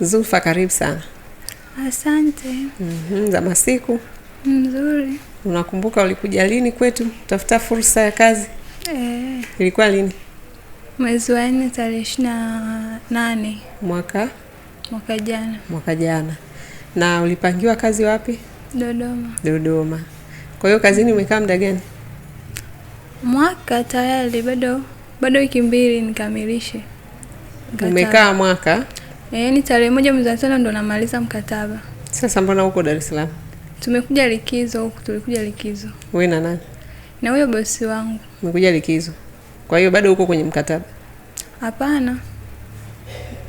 Zulfa, karibu sana. Asante. mm -hmm. za masiku mzuri. Unakumbuka ulikuja lini kwetu kutafuta fursa ya kazi e? ilikuwa lini? mwezi wa nne tarehe ishirini na nane mwaka mwaka jana. mwaka jana. na ulipangiwa kazi wapi? Dodoma. Dodoma. kwa hiyo kazini umekaa muda gani? mwaka tayari, bado bado wiki mbili nikamilishe. Umekaa mwaka Eh, ni tarehe moja mwezi wa tano ndo namaliza mkataba. Sasa mbona huko Dar es Salaam? Tumekuja likizo huku, tulikuja likizo. Wewe na nani? Na huyo bosi wangu. Umekuja likizo. Kwa hiyo bado huko kwenye mkataba? Hapana.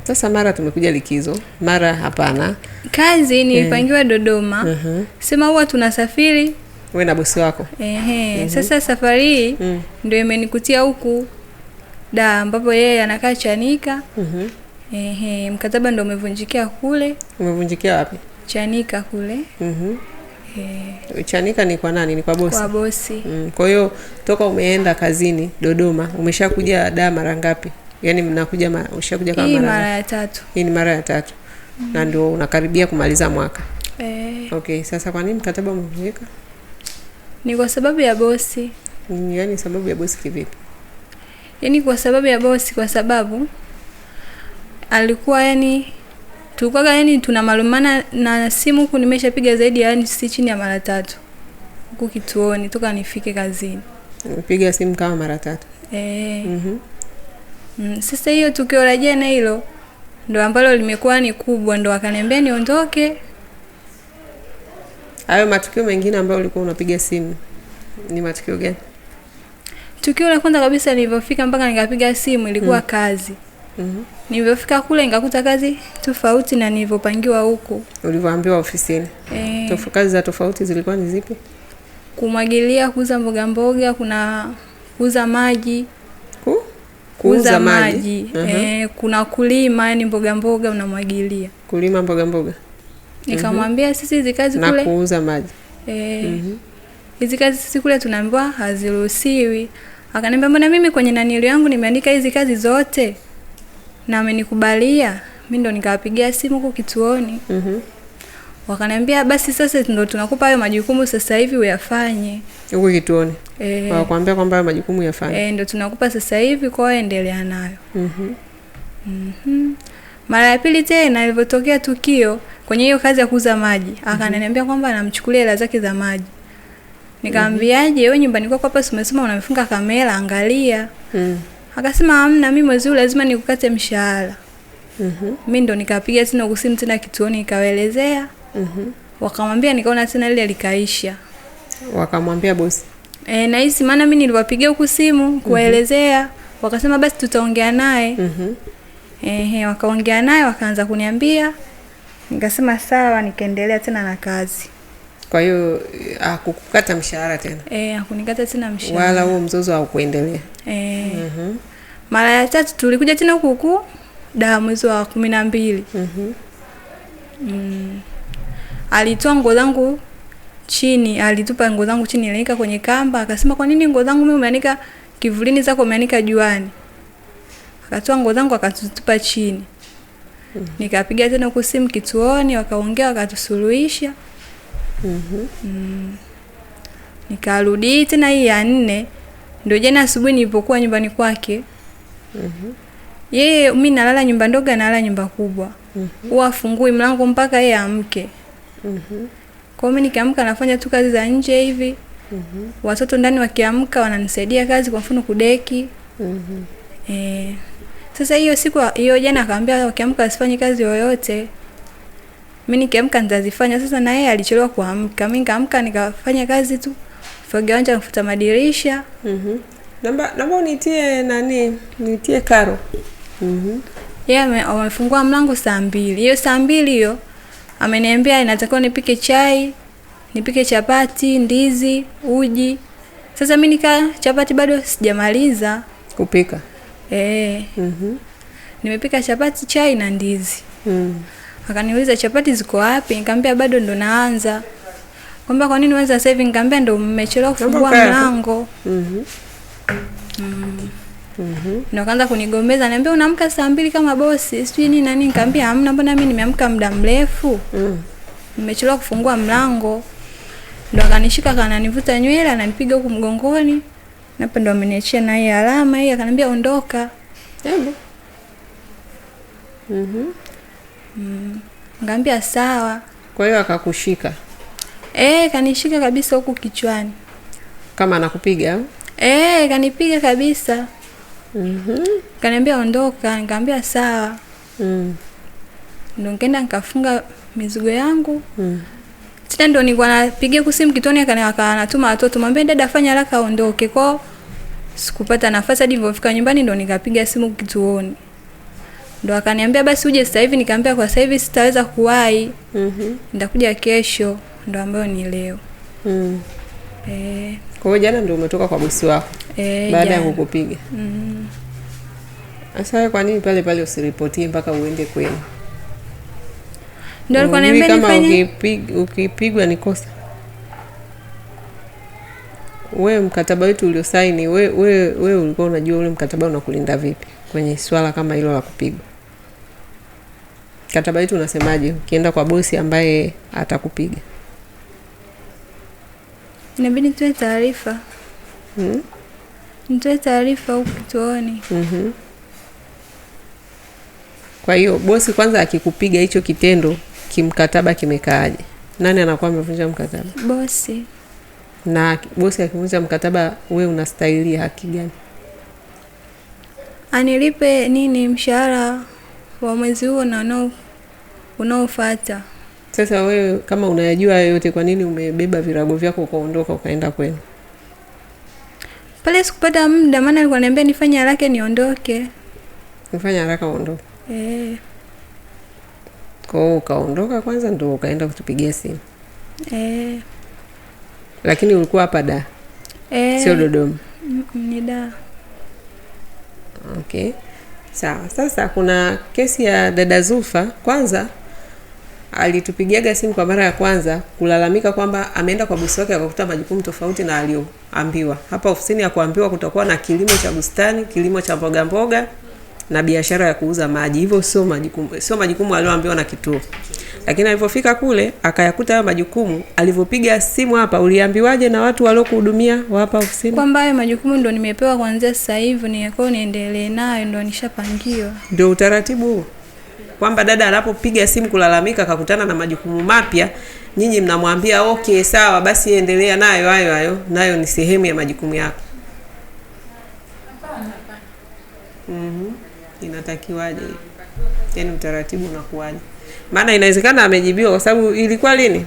Sasa mara tumekuja likizo, mara hapana. Kazi nilipangiwa eh, Dodoma. uh -huh. Sema huwa tunasafiri wewe na bosi wako. Ehe. uh mhm. -huh. Sasa safari hii uh mm. -huh. ndio imenikutia huku da, ambapo yeye anakaa Chanika. uh mhm. -huh. Ehe, mkataba ndo umevunjikia kule. Umevunjikia wapi? Chanika kule. Mhm. Eh. Chanika ni kwa nani? Ni kwa bosi. Kwa bosi. Mm. Kwa hiyo toka umeenda kazini Dodoma, umeshakuja da mara ngapi? Yaani mnakuja mara ushakuja kama mara. Hii mara ya tatu. Hii ni mara ya tatu. Mm. Na ndio unakaribia kumaliza mwaka. Eh. Okay, sasa kwa nini mkataba umevunjika? Ni kwa sababu ya bosi. Yaani sababu ya bosi kivipi? Yaani kwa sababu ya bosi kwa sababu alikuwa yani tulikuwa yani malumana na simu huku, nimeshapiga zaidi ya yani si chini ya mara tatu huku kituoni toka nifike kazini, piga simu kama mara tatu e. mm-hmm. Mm, sasa hiyo tukio la jana hilo ndo ambalo limekuwa ni kubwa, ndo akaniambia niondoke. Hayo matukio mengine ambayo ulikuwa unapiga simu ni matukio gani? Tukio la kwanza kabisa nilivyofika mpaka nikapiga simu ilikuwa hmm. kazi Mm -hmm. Nilivyofika kule nikakuta kazi tofauti na nilivyopangiwa huku. Ulivyoambiwa ofisini. E, eh. tofauti kazi za tofauti zilikuwa ni zipi? Kumwagilia, kuuza mboga mboga, kuna kuuza maji. Ku? Kuuza maji. Uh -huh. E, kuna kulima yani mboga mboga unamwagilia. Kulima mboga mboga. Nikamwambia mm -hmm. Sisi hizi kazi kule na kuuza maji. Eh. Mm -hmm. Hizi kazi sisi kule tunaambiwa haziruhusiwi. Akaniambia mbona mimi kwenye nanilio yangu nimeandika hizi kazi zote na amenikubalia mi ndo nikawapigia simu huko kituoni mm-hmm. wakaniambia basi sasa ndo tunakupa hayo majukumu sasa hivi uyafanye huko kituoni e, kwamba hayo majukumu yafanye e, eh, ndo tunakupa sasa hivi kwao endelea nayo mm-hmm. mm-hmm. mara ya pili tena ilivyotokea tukio kwenye hiyo kazi ya kuuza maji mhm. akananiambia mm-hmm. kwamba anamchukulia hela zake za maji mhm. nikaambiaje mm-hmm. we nyumbani kwako hapa umesoma unamefunga kamera angalia mm-hmm Akasema amna mi mwezi huu lazima nikukate mshahara. mm -hmm. Mi ndo nikapiga tena kusimu tena kituoni nikawaelezea. mm -hmm. Wakamwambia, nikaona tena lile likaisha, wakamwambia bosi e, eh, nahisi maana mi niliwapigia huku simu mhm. kuwaelezea. mm -hmm. Wakasema basi tutaongea naye. mm -hmm. Ehe, wakaongea naye wakaanza kuniambia, nikasema sawa, nikaendelea tena na kazi. Kwa hiyo eh, hakukukata mshahara tena? E, hakunikata tena mshahara wala huo mzozo haukuendelea. E, mm -hmm. Mara ya tatu tulikuja tena huku huku da mwezi wa kumi na mbili. mm -hmm. mm. Alitoa nguo zangu chini, alitupa nguo zangu chini, alianika kwenye kamba, akasema kwa nini nguo zangu mimi umeanika kivulini, zako umeanika juani? Akatoa nguo zangu akatutupa chini. mm -hmm. Nikapiga tena huku simu kituoni, wakaongea, wakatusuluhisha mm-hmm. mm. Nikarudi tena, hii ya nne ndio jana asubuhi nilipokuwa nyumbani kwake mm-hmm. Yeye mi nalala nyumba ndogo, analala nyumba kubwa mm-hmm. afungui mlango mpaka yeye amke mm-hmm. Kwa mi nikiamka nafanya tu kazi za nje hivi mm-hmm. Watoto ndani wakiamka wananisaidia kazi, kwa mfano kudeki mm-hmm. E, sasa hiyo siku hiyo jana akaambia wakiamka wasifanye kazi yoyote mimi nikiamka nitazifanya. Sasa na yeye alichelewa kuamka, mimi nikaamka nikafanya kazi tu, fagia wanja, kufuta madirisha. mm-hmm. Namba namba, unitie nani, nitie karo. mm-hmm. Yeye amefungua mlango saa mbili, hiyo saa mbili hiyo ameniambia inatakiwa nipike chai, nipike chapati, ndizi, uji. Sasa mimi nika chapati bado sijamaliza kupika. Eh. Mhm. Mm. Nimepika chapati, chai na ndizi. Mm. Akaniuliza chapati ziko wapi? Nikamwambia bado ndo naanza. Kwamba kwa nini uanza sasa hivi? Nikamwambia ndo mmechelewa kufungua mlango. Mhm. Mm. Mhm. Ndio kaanza kunigombeza, niambia unaamka saa mbili kama bosi, sijui nini na nini. Nikamwambia hamna, mbona mimi nimeamka muda mrefu. Mhm. Mmechelewa kufungua mlango. Ndo akanishika kananivuta nywele, ananipiga huku mgongoni. Napa ndo ameniachia na hii alama hii, akaniambia ondoka. Hebu. Mhm mm. Nikaambia sawa. Kwa hiyo akakushika? E, kanishika kabisa huku kichwani kama anakupiga e, kanipiga kabisa mm -hmm. Kaniambia ondoka, nikaambia sawa mm. Ndo nikaenda nikafunga mizigo yangu mm. Tena ndo nilikuwa napigia kusimu kitoni, anatuma watoto mwambie dada fanya haraka aondoke kwao. Sikupata nafasi hadi nilipofika nyumbani ndo nikapiga simu kituoni ndo akaniambia basi uje sasa hivi. Nikamwambia kwa sasa hivi sitaweza kuwahi, mhm. Ndakuja kesho, ndo ambayo ni leo. mm. E, kwa hiyo jana ndo umetoka kwa bosi wako e, baada ya kukupiga mm. Sasa kwa nini pale pale usiripotie mpaka uende kwenu? Ndio alikuwa ananiambia nifanye. Ukipigwa ni kosa we mkataba wetu uliosaini, we, we, we ulikuwa unajua ule mkataba unakulinda vipi kwenye swala kama hilo la kupigwa? Mkataba wetu unasemaje ukienda kwa bosi ambaye atakupiga? Inabidi tuwe taarifa hmm? taarifa huku kituoni. mm-hmm. Kwa hiyo bosi kwanza akikupiga hicho kitendo kimkataba kimekaaje? Nani anakuwa amevunja mkataba? Bosi na bosi akivunja mkataba, we unastahili haki gani? Anilipe nini mshahara wa mwezi huo na unaofuata. Sasa wewe kama unayajua yote, kwa nini umebeba virago vyako ukaondoka ukaenda kwenu? Pale sikupata muda, maana alikuwa ananiambia nifanye haraka niondoke. Nifanye haraka uondoke e. Eh. Kwao ukaondoka kwanza, ndo ukaenda kutupigia simu e. Lakini ulikuwa hapa da e, sio Dodoma? Ni da. Okay, sawa. Sasa kuna kesi ya dada Zulfa. Kwanza alitupigiaga simu kwa mara ya kwanza kulalamika kwamba ameenda kwa bosi wake akakuta majukumu tofauti na aliyoambiwa. Hapa ofisini ya kuambiwa kutakuwa na kilimo cha bustani, kilimo cha mboga mboga na biashara ya kuuza maji. Hivyo sio majukumu, sio majukumu aliyoambiwa na kituo lakini alivyofika kule akayakuta hayo majukumu, alivyopiga simu hapa, uliambiwaje na watu waliokuhudumia wa hapa ofisini? Kwamba hayo majukumu ndo nimepewa kuanzia sasa hivi ni yakao niendelee nayo, ndo nishapangiwa. Ndio utaratibu huo, kwamba dada anapopiga simu kulalamika akakutana na majukumu mapya, nyinyi mnamwambia okay, sawa basi, endelea nayo hayo hayo, nayo ni sehemu ya majukumu yako. Mm Inatakiwaje? Yaani utaratibu unakuwaje? maana inawezekana amejibiwa, kwa sababu ilikuwa lini?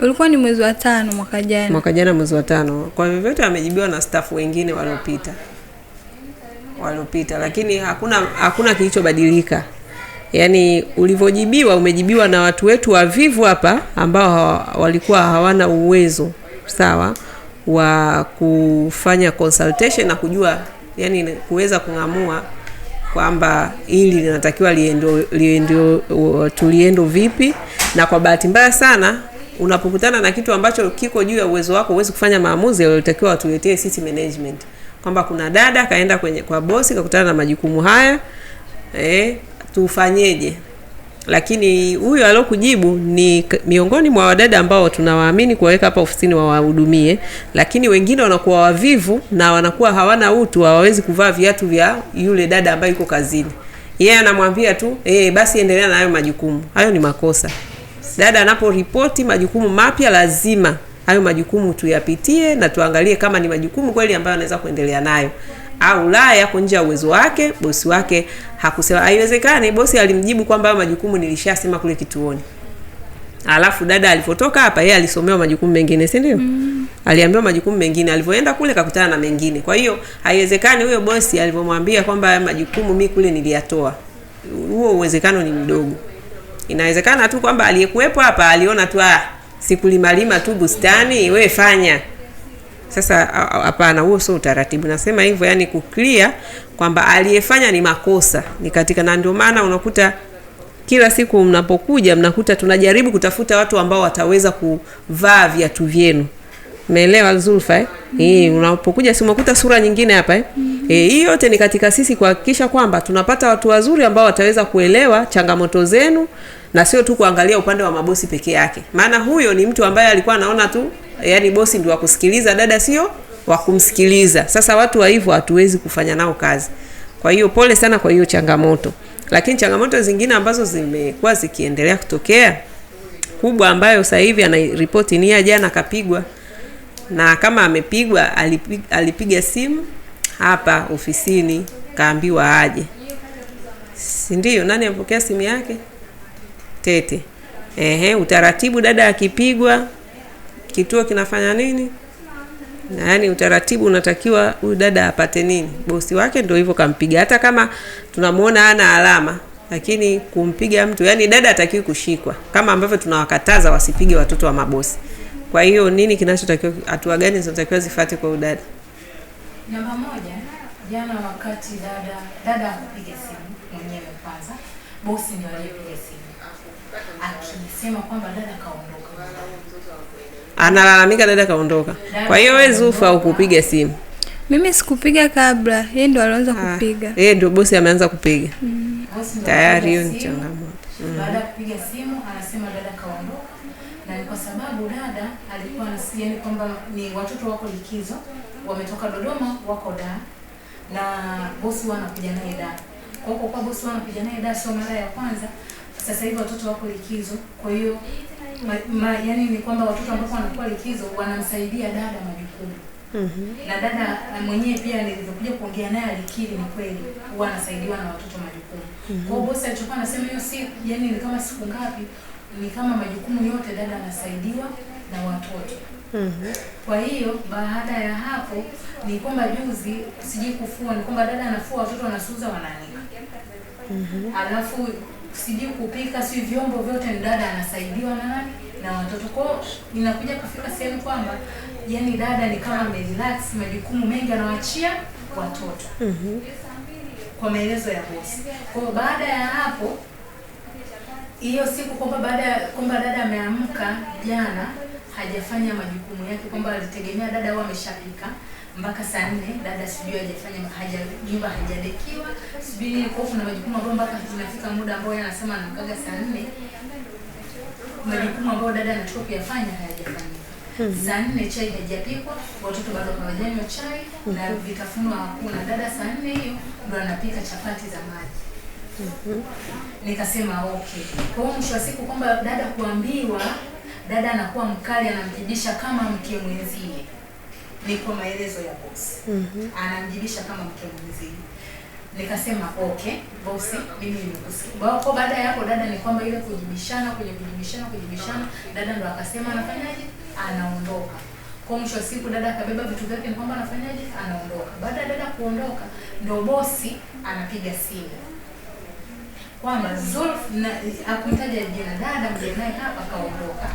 Ulikuwa ni mwezi wa tano mwaka jana, mwaka jana mwezi wa tano. Kwa vyovyote amejibiwa na staff wengine waliopita waliopita, lakini hakuna hakuna kilichobadilika. Yaani ulivyojibiwa umejibiwa na watu wetu wavivu hapa ambao walikuwa hawana uwezo sawa wa kufanya consultation na kujua, yani kuweza kung'amua kwamba hili linatakiwa liendo, liendo, tuliendo vipi. Na kwa bahati mbaya sana unapokutana na kitu ambacho kiko juu ya uwezo wako, huwezi kufanya maamuzi yaliotakiwa watuletee city management, kwamba kuna dada kaenda kwenye kwa bosi kakutana na majukumu haya eh, tufanyeje? lakini huyu aliokujibu ni miongoni mwa wadada ambao tunawaamini kuwaweka hapa ofisini wawahudumie, lakini wengine wanakuwa wavivu na wanakuwa hawana utu, hawawezi kuvaa viatu vya yule dada ambaye yuko kazini. Yeye yeah, anamwambia tu eh, basi endelea na hayo majukumu. Hayo ni makosa. Dada anaporipoti majukumu mapya, lazima hayo majukumu tuyapitie na tuangalie kama ni majukumu kweli ambayo anaweza kuendelea nayo au la yako nje ya uwezo wake, bosi wake hakusema. Haiwezekani, bosi alimjibu kwamba hayo majukumu nilishasema kule kituoni. Alafu dada alipotoka hapa, yeye alisomewa majukumu mengine, si ndio? Mm. Aliambiwa majukumu mengine, alivyoenda kule kakutana na mengine. Kwa hiyo haiwezekani huyo bosi alivyomwambia kwamba majukumu mi kule niliyatoa, huo uwezekano ni mdogo. Inawezekana tu kwamba aliyekuwepo hapa aliona tu, ah, sikulimalima tu bustani, we fanya sasa hapana, huo sio utaratibu. Nasema hivyo yani kuklia kwamba aliyefanya ni makosa ni katika, na ndio maana unakuta kila siku mnapokuja mnakuta tunajaribu kutafuta watu ambao wataweza kuvaa viatu vyenu. Umeelewa Zulfa eh? Mm -hmm. unapokuja si unakuta sura nyingine hapa eh? Mm -hmm. hii yote ni katika sisi kuhakikisha kwamba tunapata watu wazuri ambao wataweza kuelewa changamoto zenu na sio tu kuangalia upande wa mabosi peke yake, maana huyo ni mtu ambaye alikuwa anaona tu yani bosi ndio wakusikiliza, dada sio wakumsikiliza. Sasa watu wa hivyo hatuwezi kufanya nao kazi. Kwa hiyo pole sana kwa hiyo changamoto, lakini changamoto zingine ambazo zimekuwa zikiendelea kutokea kubwa, ambayo sasa hivi ripoti nia jana kapigwa, na kama amepigwa alipiga, alipiga simu hapa ofisini kaambiwa aje, si ndio? Nani amepokea simu yake? Tete. Ehe, utaratibu dada akipigwa kituo kinafanya nini na yani utaratibu unatakiwa huyu dada apate nini. Bosi wake ndio hivyo kampiga, hata kama tunamwona ana alama, lakini kumpiga mtu yani dada atakiwi kushikwa, kama ambavyo tunawakataza wasipige watoto wa mabosi. Kwa hiyo nini kinachotakiwa, hatua gani zinatakiwa zifuate kwa udada? Namba moja, jana wakati dada dada akupiga simu mwenyewe kwanza, bosi ndio aliyepiga simu akisema kwamba dada kaondoka Analalamika dada kaondoka. Kwa hiyo wewe Zufa ukupiga simu? Mimi sikupiga kabla, yeye ndo alianza ah, kupiga. Yeye ndio bosi ameanza kupiga. Mm. Tayari hiyo ni changamoto. Mm. Baada ya kupiga simu anasema dada kaondoka, na ni kwa sababu dada alikuwa anasikia ni kwamba ni watoto wako likizo, wametoka Dodoma, wako da na bosi wao anakuja naye da. Kwa hiyo kwa bosi wao anakuja naye da sio mara ya kwanza. Sasa hivi watoto wako likizo, kwa hiyo ma, ma, yani ni kwamba watoto ambao wanakuwa likizo wanamsaidia dada majukumu Mm -hmm. Na dada mwenyewe pia nilivyokuja kuongea naye alikiri ni kweli huwa anasaidiwa na watoto majukumu. Mm -hmm. Kwa hiyo bosi alichokuwa anasema hiyo si yani ni kama siku ngapi ni kama majukumu yote dada anasaidiwa na watoto. Mm -hmm. Kwa hiyo baada ya hapo ni kwamba juzi sijui kufua ni kwamba dada anafua watoto wanasuza wanaanika. Mm -hmm. Alafu sijui kupika, si vyombo vyote ni dada anasaidiwa na nani na watoto. Kwao inakuja kufika sehemu kwamba yani dada ni kama amerelax, majukumu mengi anawaachia watoto mm -hmm. Kwa maelezo ya bosi. Kwa baada ya hapo hiyo siku kwamba baada ya kwamba dada ameamka jana hajafanya majukumu yake, kwamba alitegemea dada huwa ameshapika mpaka saa nne dada sijui hajafanya nyumba hajadekiwa sijui nini. Kwa hiyo majukumu ambayo mpaka zinafika muda ambao anasema anamkaga saa nne, majukumu ambayo dada anatoka kuyafanya hayajafanyika. Hmm. Saa nne chai haijapikwa, watoto bado hawajanywa chai hmm. na vitafunwa hakuna. Dada saa nne hiyo ndo anapika chapati za maji. Hmm. Nikasema okay. Kwa hiyo mwisho wa siku kwamba dada kuambiwa, dada anakuwa mkali, anamjibisha kama mke mwenzie ni kwa maelezo ya bosi mm -hmm. anamjilisha kama mkemzii nikasema okay bosi, mimi nimekusikia. Kwa baada ya hapo, dada, ni kwamba ile kujibishana kwenye kujibishana kujibishana, dada ndo akasema anafanyaje, anaondoka. Kwa mwisho wa siku, dada akabeba vitu vyake, ni kwamba anafanyaje, anaondoka. Baada ya dada kuondoka, ndo bosi anapiga simu kwamba Zulf akumtaja jina dada mje naye hapa kaondoka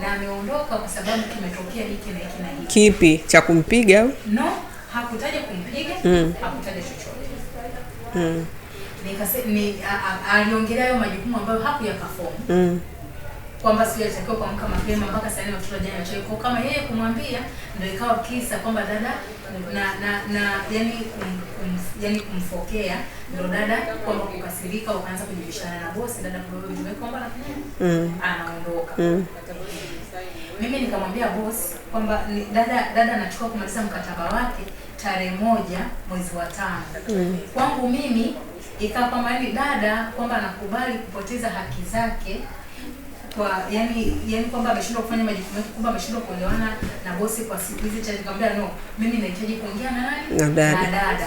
na ameondoka kwa sababu kimetokea hiki na hiki na hiki. Kipi cha kumpiga au? No, hakutaja kumpiga, mm. hakutaja chochote. Mm. Nikasema ni aliongelea hayo majukumu ambayo hakuyaperform. Mm kwamba sio atakiwa kuamka mapema mpaka saa nne watoto jana wachoe. Kwa kama yeye kumwambia ndio ikawa kisa kwamba dada na na na yani kum, kum, yani kumfokea ndio dada kwamba kukasirika, ukaanza kujibishana na bosi, dada kwa hiyo ndio kwamba na mm. anaondoka mm. Mimi nikamwambia bosi kwamba dada dada anachukua kumaliza mkataba wake tarehe moja mwezi wa tano. Mm. Kwangu mimi ikawa kwamba yani dada kwamba anakubali kupoteza haki zake kwa yani yani kwamba ameshindwa kufanya majukumu yake, kwamba ameshindwa kuelewana na bosi kwa siku hizi cha. Nikamwambia no, mimi nahitaji kuongea na nani, na dada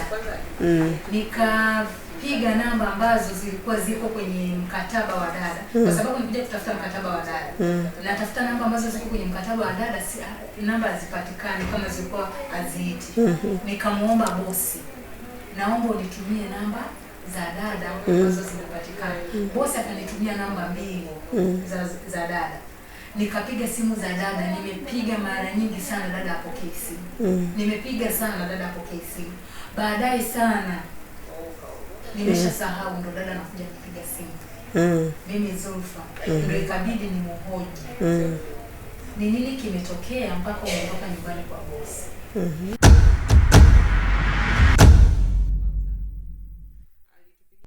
mm. nikapiga namba ambazo zilikuwa ziko kwenye mkataba wa dada mm. kwa sababu nilikuja kutafuta mkataba wa dada mm. natafuta namba ambazo ziko kwenye mkataba wa dada, si namba hazipatikani kama zilikuwa haziiti mm -hmm. Nikamwomba bosi, naomba unitumie namba za dada mm. ambazo mm. zimepatikana mm. bosi akanitumia namba mbili mm. za, za dada nikapiga simu za dada, nimepiga mara nyingi sana, dada apokee simu mm. nimepiga sana, dada apokee simu. Baadaye sana nimeshasahau, ndo dada anakuja kupiga simu mm. mimi Zulfa mm. ndo ikabidi ni muhoji mm. ni nini kimetokea mpaka umetoka nyumbani kwa bosi mm -hmm.